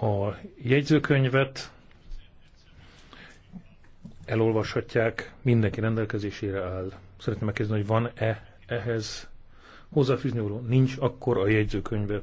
a jegyzőkönyvet elolvashatják, mindenki rendelkezésére áll. Szeretném megkérdezni, hogy van-e ehhez hozzáfűzni Nincs, akkor a jegyzőkönyvet